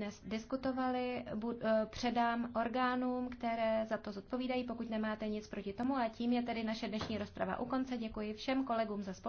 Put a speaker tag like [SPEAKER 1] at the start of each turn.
[SPEAKER 1] dnes diskutovali, eh, předám orgánům, které za to zodpovídají, pokud nemáte nic proti tomu. A tím je tedy naše dnešní rozprava u konce. Děkuji všem kolegům za spolupráci.